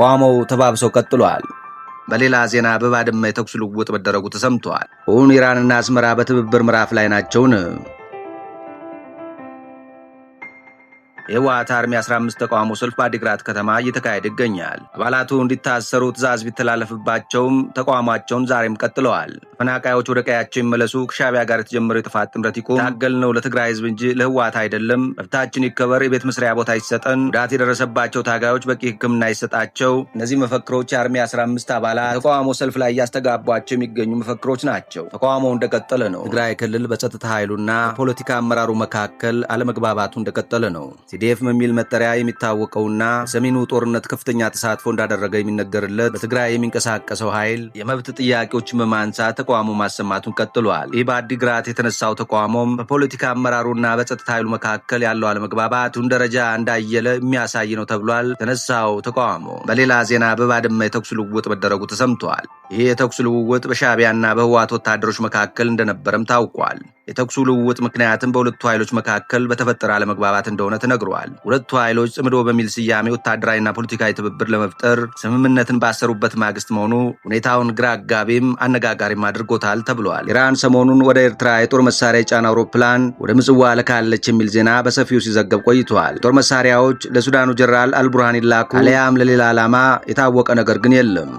ቋሞው ተባብሰው ቀጥሏል። በሌላ ዜና በባድመ የተኩስ ልውውጥ መደረጉ ተሰምቷል። ሁን ኢራንና አስመራ በትብብር ምዕራፍ ላይ ናቸውን? የህወሓት አርሚ 15 ተቃውሞ ሰልፍ በአዲግራት ከተማ እየተካሄደ ይገኛል። አባላቱ እንዲታሰሩ ትዕዛዝ ቢተላለፍባቸውም ተቃውሟቸውን ዛሬም ቀጥለዋል። ተፈናቃዮች ወደ ቀያቸው ይመለሱ፣ ከሻቢያ ጋር የተጀመረው የጥፋት ጥምረት ይቁም፣ ታገልነው ለትግራይ ህዝብ እንጂ ለህወሓት አይደለም፣ መብታችን ይከበር፣ የቤት መስሪያ ቦታ ይሰጠን፣ ጉዳት የደረሰባቸው ታጋዮች በቂ ህክምና ይሰጣቸው። እነዚህ መፈክሮች የአርሚ 15 አባላት ተቃውሞ ሰልፍ ላይ እያስተጋቧቸው የሚገኙ መፈክሮች ናቸው። ተቃውሞው እንደቀጠለ ነው። ትግራይ ክልል በጸጥታ ኃይሉና ፖለቲካ አመራሩ መካከል አለመግባባቱ እንደቀጠለ ነው። ሲዲኤፍ በሚል መጠሪያ የሚታወቀውና ሰሜኑ ጦርነት ከፍተኛ ተሳትፎ እንዳደረገ የሚነገርለት በትግራይ የሚንቀሳቀሰው ኃይል የመብት ጥያቄዎችን በማንሳት ተቃውሞ ማሰማቱን ቀጥሏል። ይህ በአዲግራት የተነሳው ተቃውሞም በፖለቲካ አመራሩና በጸጥታ ኃይሉ መካከል ያለው አለመግባባቱን ደረጃ እንዳየለ የሚያሳይ ነው ተብሏል። ተነሳው ተቃውሞ በሌላ ዜና በባድመ የተኩስ ልውውጥ መደረጉ ተሰምቷል። ይህ የተኩስ ልውውጥ በሻቢያና በህዋት ወታደሮች መካከል እንደነበረም ታውቋል። የተኩሱ ልውውጥ ምክንያትም በሁለቱ ኃይሎች መካከል በተፈጠረ አለመግባባት እንደሆነ ተነግሯል። ሁለቱ ኃይሎች ጽምዶ በሚል ስያሜ ወታደራዊና ፖለቲካዊ ትብብር ለመፍጠር ስምምነትን ባሰሩበት ማግስት መሆኑ ሁኔታውን ግራ አጋቢም አነጋጋሪም አድርጎታል ተብሏል። ኢራን ሰሞኑን ወደ ኤርትራ የጦር መሳሪያ የጫነ አውሮፕላን ወደ ምጽዋ ልካለች የሚል ዜና በሰፊው ሲዘገብ ቆይቷል። የጦር መሳሪያዎች ለሱዳኑ ጀነራል አልቡርሃን ይላኩ አሊያም ለሌላ ዓላማ የታወቀ ነገር ግን የለም።